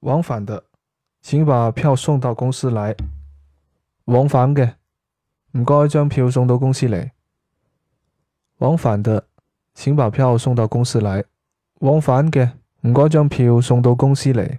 往返的，請把票送到公司來。往返嘅，唔該將票送到公司嚟。往返的，請把票送到公司來。往返嘅，唔該將票送到公司嚟。